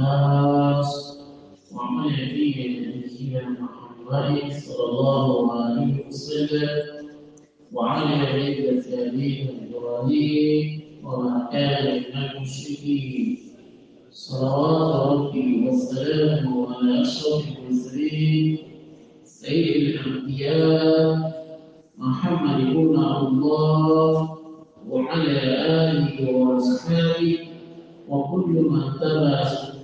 الناس وعمل فيه نبينا محمد صلى الله عليه وسلم وعن ملة أبيه إبراهيم وما كان من المشركين صلوات ربي وسلامه على أشرف المرسلين سيد الأنبياء محمد بن عبد الله وعلى آله وأصحابه وكل من تبع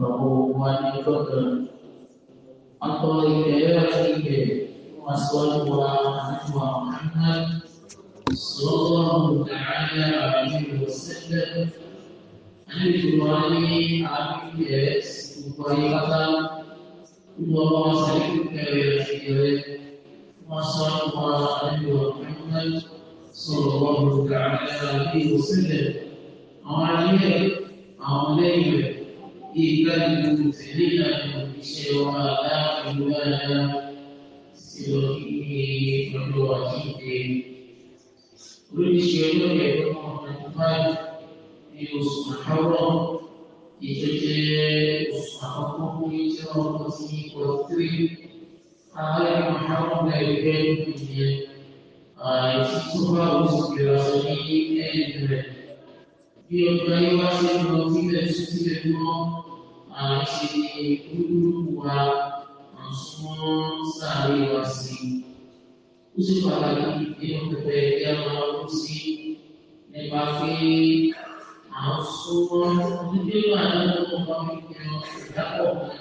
ಬಹುಮಾನಿಕದ ಅಂತಾಯಿಕೆ ಮಸ್ವಲ್ಪುರ ಹನುಮ Muhammad sallallahu taala alaihi wasallam alifwani afies upaikata Allahumma salli ala sayyidina Rasulullah alaihi wasallam sallallahu taala alaihi wasallam awaliya awaliya إذا المسلمين بشيوى أحوالا سيركيه فلوحيده oríṣiríṣi ẹ̀rọ ọ̀nàmọ́tàlì ní oṣù àkọ́rọ̀ ìjẹ́jẹ́ oṣù àkọ́kọ́ ní ìjẹ́ ọkọ̀ sí ipò tírí ààrẹ àkọ́kọ́ ẹgbẹ́ ìjẹ́ àìsí tó bá oṣù kẹwàá ní ẹ̀yìn rẹ̀ bí ọjọ́ ayé wá sí ọdún tí tidak disuci dari Allah isi uh, guru buah uh, semua sehari wasi usi pagi yang berbeda malam uh, usi nepaki Semua itu ada pemahaman yang terdakwa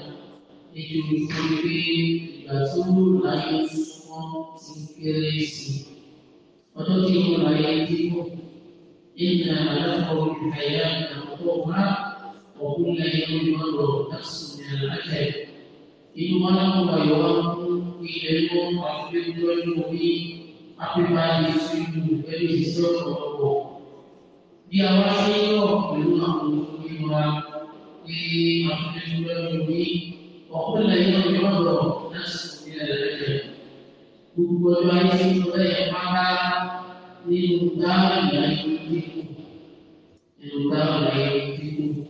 itu dikuti batu lain semua singkirisi atau timur lain timur Inna lakum وكنا يوما نفس العجل إن ولم يوم إلى يوم أخبرت المؤمن أخبرت يسلم فليسر ربه diawasi roh belum aku lima di akhir bulan ini waktu lain yang jodoh nas tidak ada doa isi doa yang mana di mudah yang itu di mudah yang itu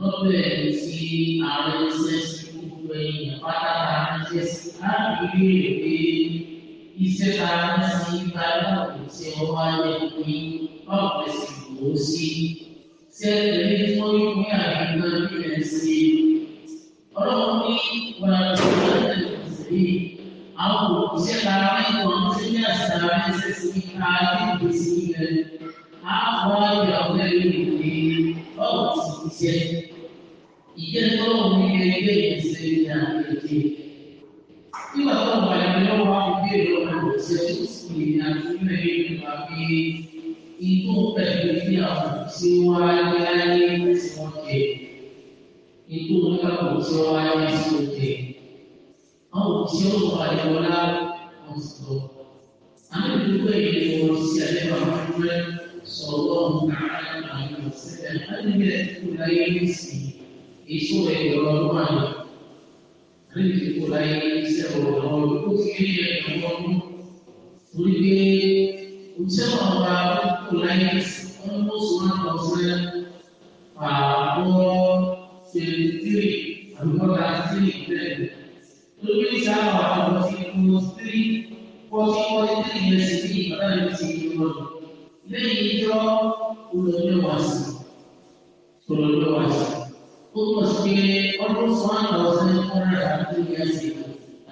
lọ́bẹ̀ sí àwọn iṣẹ́ sí gbogbo ẹ̀yìn pátákà iṣẹ́ sí láti rí èdè iṣẹ́ ta ń sí gbàgbọ́ tí ó wá lé pé báwo lè sì wò ó sí. Ṣé ẹ̀rí tí wọ́n yóò ní àgbẹ̀gbẹ̀ bí ẹ̀ sí? Ọlọ́run ní wàá lọ sí ọ̀dẹ̀ ìṣẹ̀lẹ̀ àwọn òṣìṣẹ́ ta ń wọ́n ti ní àṣà iṣẹ́ sí ká ní ìgbésí rẹ̀. àwọn ìyàwó ẹ̀rí ìwé ọ̀rọ̀ sì ti jẹ́. Ìjẹ́ tọ́lọ̀ ní ẹgbẹ́ ìṣẹ́ ní àgbẹ̀jẹ́. Nígbà tó wà ní ọwọ́ àgbẹ̀ lọ́wọ́ ìṣẹ́ tó sì lè ní àtúnyẹ̀ nínú àbí inú pẹ̀lú ní àwọn tí wọ́n á ní ayé tí wọ́n jẹ. Inú pẹ̀lú tí wọ́n á ní tí صلى الله تعالى عليه وسلم أن لا ينسي إيشو يقولون أن لا ينسي أولون كثير يقولون Porque o seu amado colegas, ambos lados, né? Para sentir a verdade, né? Tudo isso é uma coisa que nos tem, pode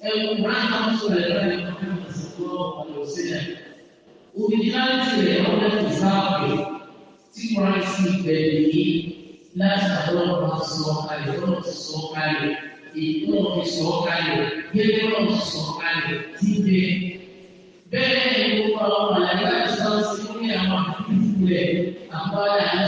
è un brano sulle radio che sicuro quando si Ubicare a una fissazione, sicuramente di lasciarlo non soccare, non soccare, il tuo soccare, il tuo soccare, sì, bene, un po' la realtà sta seguendo a una fisica, a fare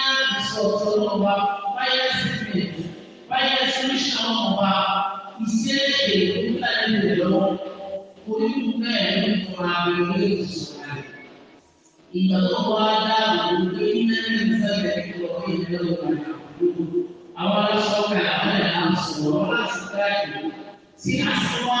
náà sọ̀tọ̀ ọba báyà sílẹ̀ solution ọba iṣẹ́ èlò nílẹ̀ nílẹ̀ lọ́wọ́ onílù bẹ́ẹ̀ ní ìfọ̀nà àbẹ̀wò ìṣòro rẹ̀. Ìgbà tó wá dáàbò pé nílẹ̀ nísàlẹ̀ ìlọ ìlẹ̀ òkú àwọn aṣọ́kà àwọn ẹ̀dá sọ̀rọ̀ láti ká ìlú tí a sọ wá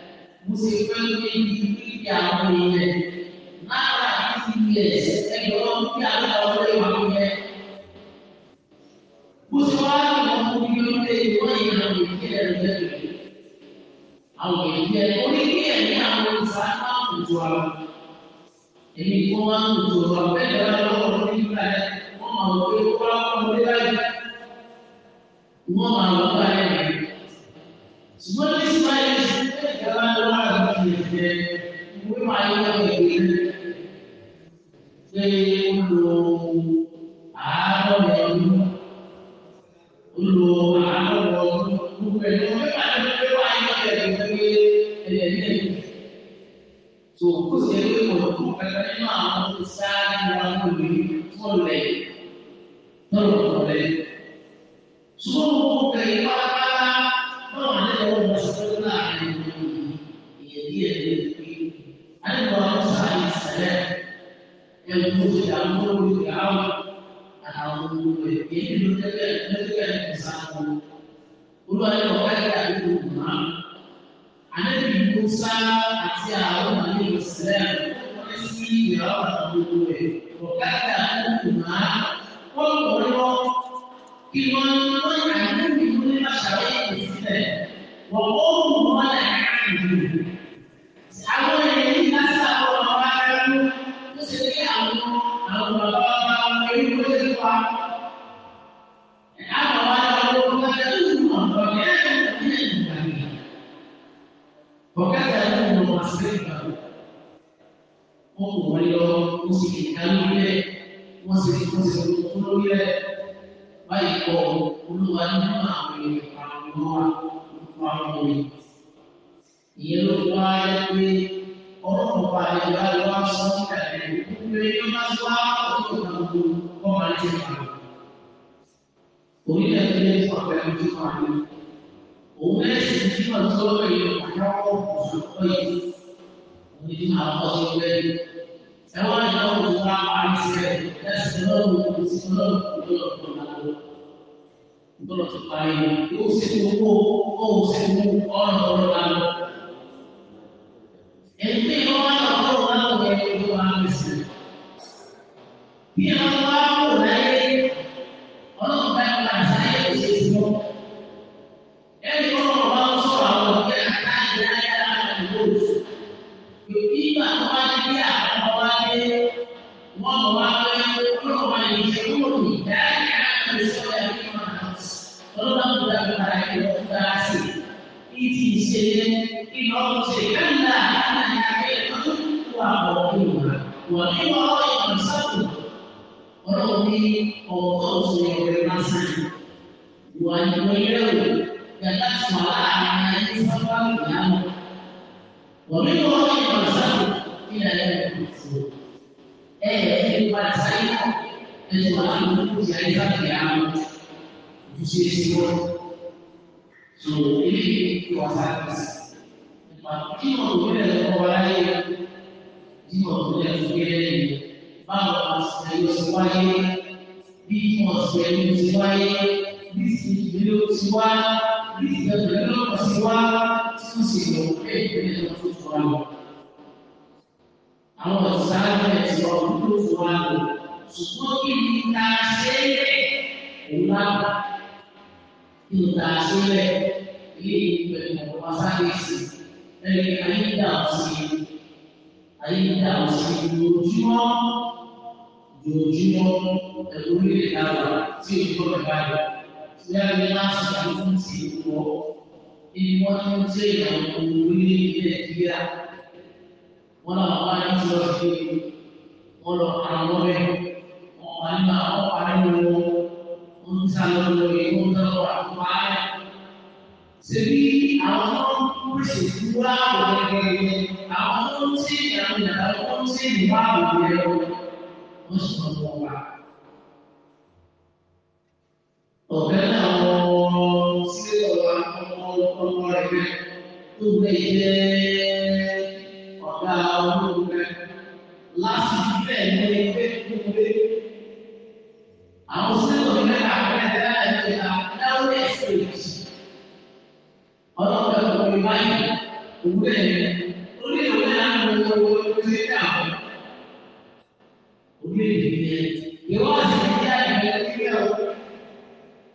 mo sì fẹ́ gbé ibi níbi àwọn èèyàn lára pcs ẹgbẹ̀rún tí a lọ wọlé wà lóyẹ. mo sì wá lọ fún mi lóde ìwọ́n ìlànà ìdí ẹ̀rọ lẹ́nu. àwọn ìdí ẹ̀rọ orí kí ẹ̀mí àwọn olùsá máa ń tòjú ara. èmi kò máa ń tòjú ọ̀rọ̀ bẹ́ẹ̀ lọ́wọ́ lọ́wọ́ lórí ìgbà yẹn wọ́n máa wọ wọ́n á wọ́n báyìí. wọ́n máa wọ́n báyìí. ṣùgbọ́n ní So, kó sì rí ọ̀pọ̀lọpọ̀ pẹ̀lú nínú àwọn tó sáré wọn lórí fún ọ̀lẹ́. Ànábì Musa àti àwọn àmì ìsìlẹ̀m wọ́n sí ìyàwó àgbègbè rẹ̀ ọ̀kadà àdúgbò wọ́n kọ̀ lọ kí wọ́n wọ́n yà àdúgbò tó ní àṣàwọ̀ yìí sílẹ̀ wọ́n kọ́ òun wọn là á àdúgbò. Àwọn ènìyàn yìí lásà àwọn ọmọ aráàlú ló ṣe pé àwọn àwọn bàbá wa ẹni tó ṣe wá. وكذا أنه أسرفه وهو اليوم مسك الكلمة مسك مسك القلوب ويقول قلوبا معه معه ìyẹlò wá ẹgbẹ ọlọ́pàá bá ẹgbẹ alẹ wá sọ nípa ẹgbẹ gbogbo ẹgbẹ bá sọ wá ọdún kan gbogbo ọmọ ẹgbẹ kan orílẹ̀ 冇咩钱，只能够用高息可以，你点下我手机，打开有无加班费？一十万、二十万、三十万、四十万、五十万、六十万、七十万、八十万、九十万、一百万，一千二百万、二百万、三百万、四百万、五百万、六百万、七百万、八百万、九百万、一千万。ويبينه كالناس على أن يصبر الأمر ومنه أن يرسل إلى يوم المقصود أي يجب أن تسعيه أن تؤخر النفوس عن فتح العمل تسيسيون سوء إليه وفاقس Kí wọ́n tó lè lọ́wọ́ wáyé, kí wọ́n tó lè tó kéré lẹ́yìn, báwo ni wọ́n ti ṣe wáyé, bí wọ́n ti ṣe wáyé rísì ìdílé ó ti wá rísì ẹgbẹ̀rún lọ́wọ́ ti wá tí wọ́n sì lọ pé ìpínlẹ̀ lọ tó fọ́ wa. Àwọn ọ̀sáájú ẹ̀ ti lọ tó fọ́ wa lò ṣùgbọ́n kí ni ta ṣe é lẹ̀ òun bá kí ni ta ṣe é lẹ̀ ilé ìgbẹ́ ìgbẹ́ wa sáré sí ẹ̀rí ayíǹda ọ̀sìn ayíǹda ọ̀sìn lójúmọ́ lójúmọ́ ẹ̀rú ilé ìdáwà tí ìgbọ́n bá láàrin láti àdúgbò ti wọ́ ní wọ́n tó ń tẹ ìyàwó orílẹ̀-èdè nàìjíríà wọ́n náà wá ní ti lọ́ọ́ fi wọ́n lọ àwọn rẹ̀ wọ́n wà nínú àwọn parí wọn wọ́n ń ta lọ lórí wọ́n ń tọ́lọ́ àkókò ayé. Ṣèbí àwọn tó ń kúrìsì fún wáàbò gẹ́gẹ́ àwọn tó ń tẹ ìyàwó ìyàwó tó ń tẹ ìwáàbò yẹn wọ́n sì lọ́ wọ́n wá.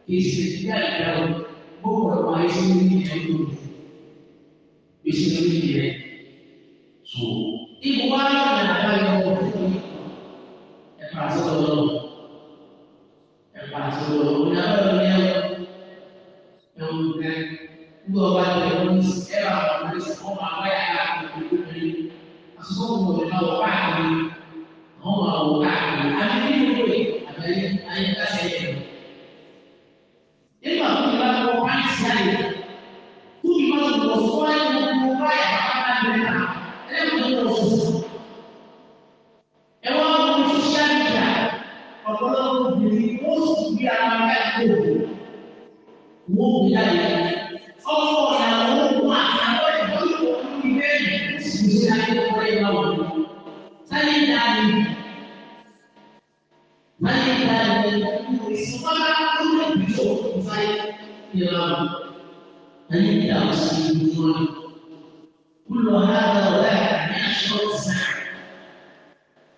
Is it that both of my sins gbèsè lórí rẹ̀ so ìwà. Thank you. كل هذا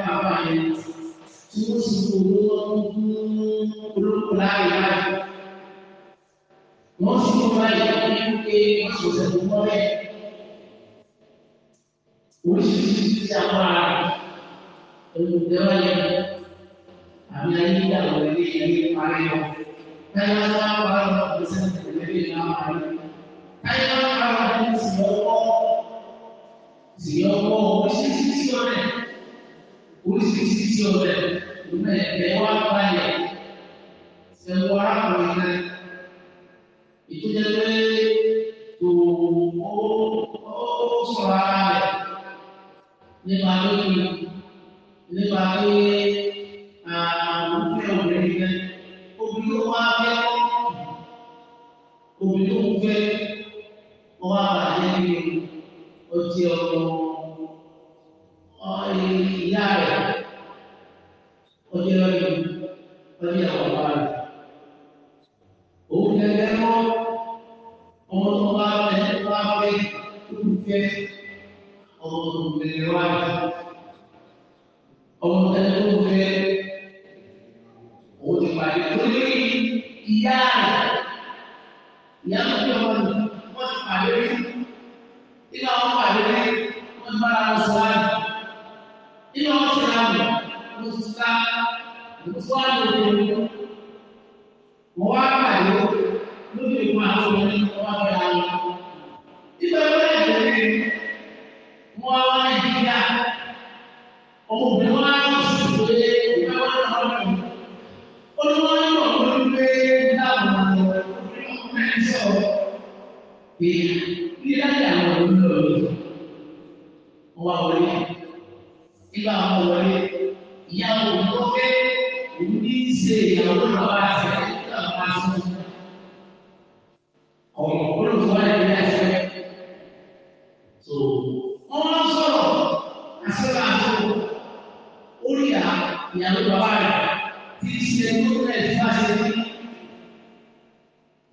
apa ya sungguh sungguh belum mulai Masuk mulai mengikuti masuk satu mulai siapa Kemudian Kami lagi tidak boleh Jadi paling Kalau apa Bisa terjadi nama Kalau apa Siapa Siapa oríṣiríṣi sí ọ̀rẹ́ òun ẹ̀ẹ́ wá báyẹ̀ ṣẹ̀wọ́ arákùnrin náà ìtújẹ́ pé kò ó sọ̀rọ̀ ara rẹ̀ nípa lóyún nípa pé àwọn fẹ́ obìnrin náà obìnrin tó wá fẹ́ obìnrin tó ń fẹ́ wọ́n á bàjẹ́ bí ọtí ọkọ̀. wọ́n wá pàdé lórí ìmọ̀ àwọn ọmọ wọ́n wá pàdé àwọn ọmọ.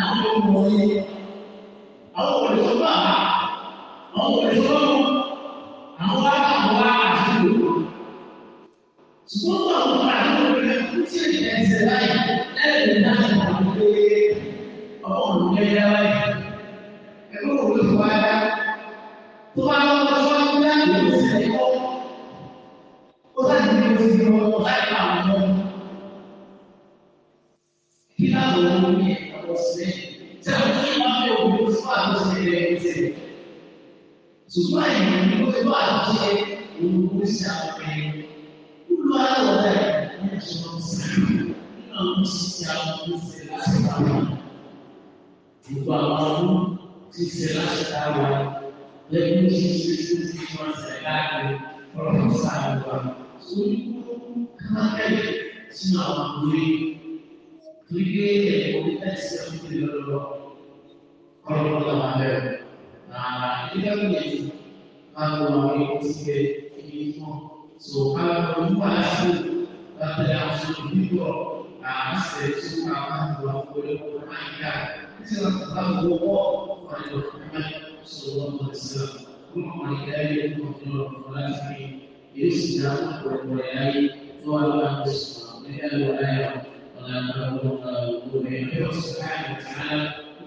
àti ọmọ yẹn. bá bá, àwọn Ẹgbẹ́ òwe tó wá dá. ní láti ìlú ìsẹ̀kọ́. Ó 只怪你会乱接无小杯，不乱落在那首诗，能消 será citado. O balão que será citado é um dos espíritos que foi água professado, único caractere, sinal ruim. Porque é o que está sendo feito, como o uh, internet kalau orang yang sih ini semua so kalau dua hasil dan langsung itu hasil semua akan só puluh permainan silakan tahu bahwa pada Muhammad Sallallahu Alaihi Wasallam menghargai dan menghargai Yesus dalam bermuliai Tuhan Yesus. Ini adalah ayat ela Allah Subhanahu Wa Taala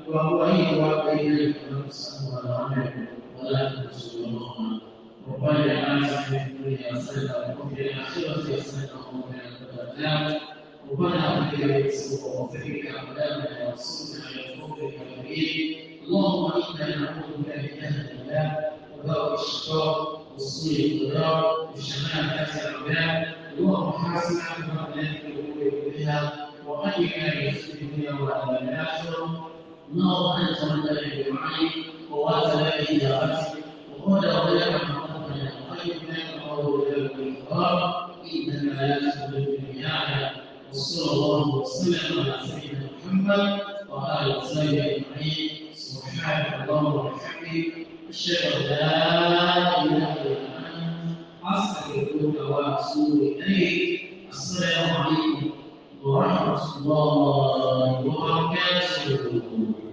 وهو أيها بين نفسه والعمل ولا تنسوا الله وقال الناس في الدنيا حسنة وفي الآخرة حسنة ومن النار وقال أخي يسوع وفيك أقلامنا وصلنا إلى فوقك الكريم اللهم إنا نعوذ بك من أهل الله ودار الشقاء وسوء القرار وشماتة العباد اللهم حاسبنا بما لا يملك بها وأيها يسلمنا وعلى الآخرة انه كان يتولى به معي ووات به الى غزه وقال ولا محمد من الخير لا يقول له بالقرار انما لا تخرج من يعلم وصلى الله وسلم على سيدنا محمد وعلى اله وصحبه اجمعين سبحانك اللهم وبحمدك اشهد ان لا اله الا انت استغفرك واتوب السلام عليكم وعصى وكسر